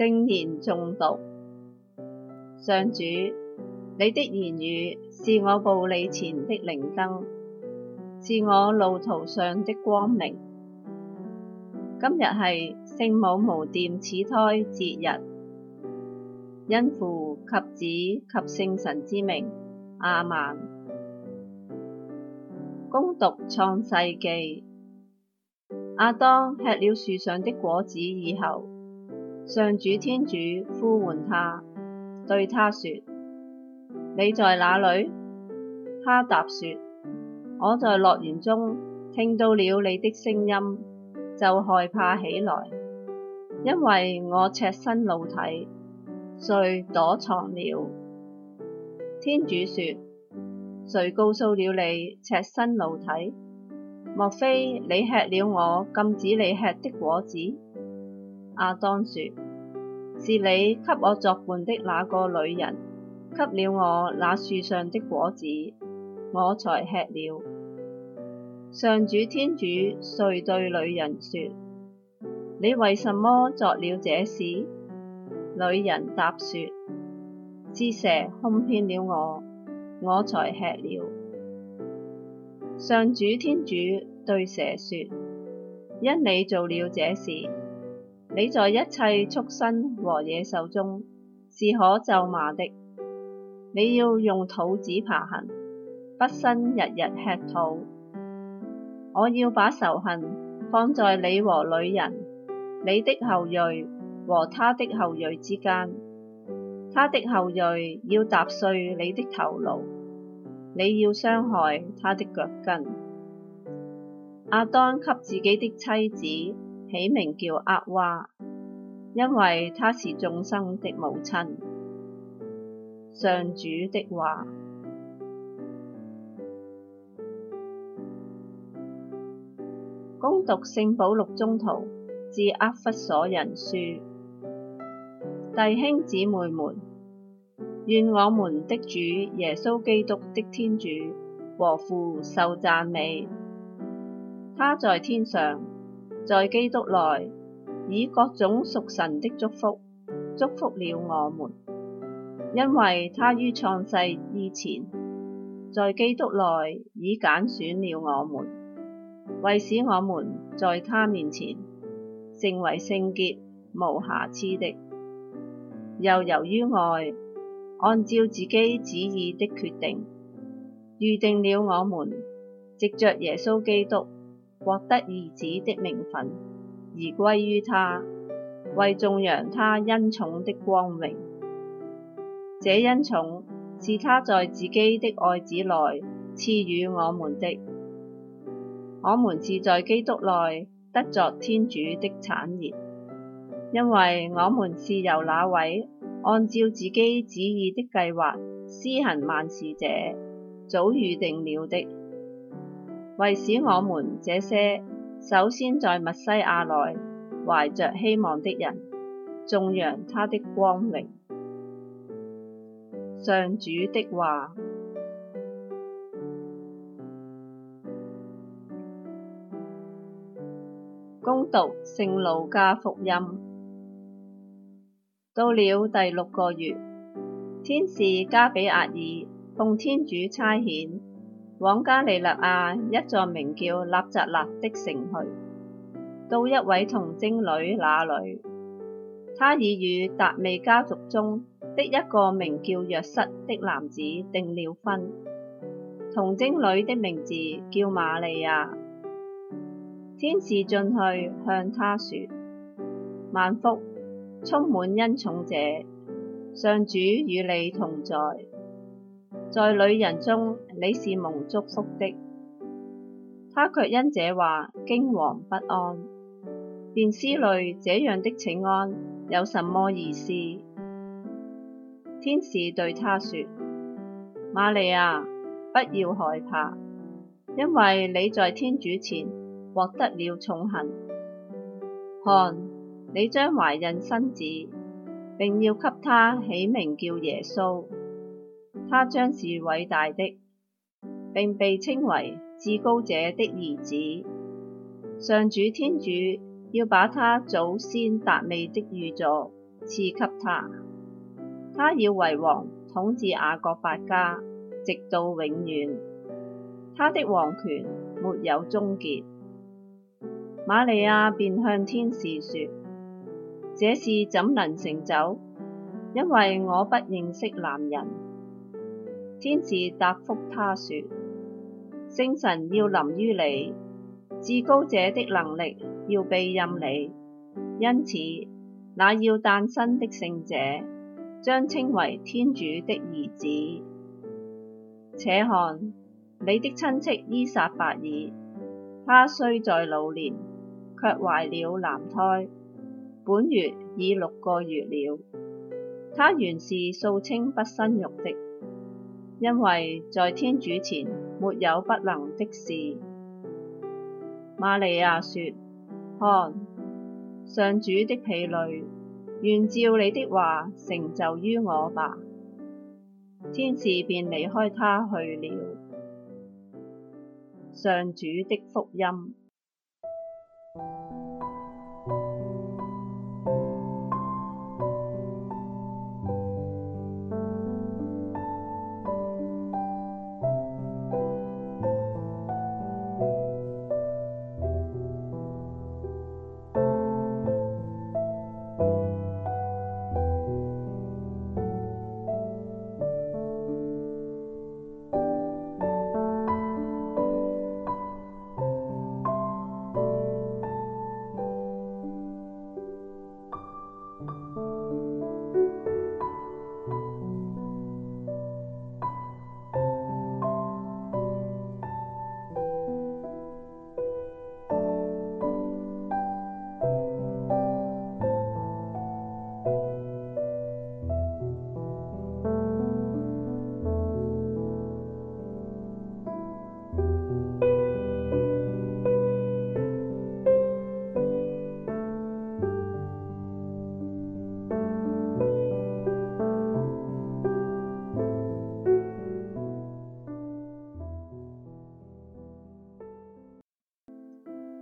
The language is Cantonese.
聖言誦讀上主，你的言語是我步履前的靈燈，是我路途上的光明。今日係聖母無玷始胎節日，因父及子及聖神之名，阿曼。恭讀創世紀，亞當吃了樹上的果子以後。上主天主呼喚他，對他說：你在哪裏？他答說：我在樂園中聽到了你的聲音，就害怕起來，因為我赤身露體，遂躲藏了。天主說：誰告訴了你，赤身露體？莫非你吃了我禁止你吃的果子？亞當説：是你給我作伴的那個女人，給了我那樹上的果子，我才吃了。上主天主遂對女人説：你為什麼作了這事？女人答説：是蛇哄騙了我，我才吃了。上主天主對蛇説：因你做了這事。你在一切畜牲和野獸中是可咒罵的，你要用肚子爬行，畢生日日吃土。我要把仇恨放在你和女人、你的後裔和她的後裔之間，她的後裔要踏碎你的頭顱，你要傷害他的腳跟。亞當給自己的妻子。起名叫厄娃，因為她是眾生的母親。上主的話。恭讀聖保祿宗徒，致厄弗所人書。弟兄姊妹們，願我們的主耶穌基督的天主和父受讚美，他在天上。在基督內，以各種屬神的祝福，祝福了我們，因為他於創世以前，在基督內已揀選了我們，為使我們在他面前，成為聖潔無瑕疵的。又由於愛，按照自己旨意的決定，預定了我們，藉着耶穌基督。獲得義子的名分而歸於他，為頌揚他恩寵的光榮。這恩寵是他在自己的愛子內賜予我們的。我們是在基督內得作天主的產業，因為我們是由那位按照自己旨意的計劃施行萬事者早預定了的。為使我們這些首先在默西亞內懷着希望的人，頌揚他的光榮。上主的話，恭讀《聖路加福音》。到了第六個月，天使加俾額爾奉天主差遣。往加里肋亞一座名叫納匝肋的城去，到一位童貞女那裏，她已與達味家族中的一個名叫若瑟的男子訂了婚。童貞女的名字叫瑪利亞。天使進去向她說：萬福，充滿恩寵者，上主與你同在。在女人中，你是蒙祝福的。她卻因這話驚惶不安，便思慮這樣的請安有什麼意思。天使對她說：瑪利亞，不要害怕，因為你在天主前獲得了寵幸。看，你將懷孕生子，並要給他起名叫耶穌。他將是偉大的，並被稱為至高者的兒子。上主天主要把他祖先達味的御座賜給他，他要為王統治雅各伯家，直到永遠。他的王權沒有終結。瑪利亞便向天使説：這事怎能成就？因為我不認識男人。天使答覆她說：聖神要臨於你，至高者的能力要庇蔭你。因此，那要誕生的聖者將稱為天主的兒子。且看你的親戚依撒伯爾，她雖在老年，卻懷了男胎，本月已六個月了。她原是素稱不生育的。因為在天主前沒有不能的事。瑪利亞說：看，上主的婢女，願照你的話成就於我吧。天使便離開他去了。上主的福音。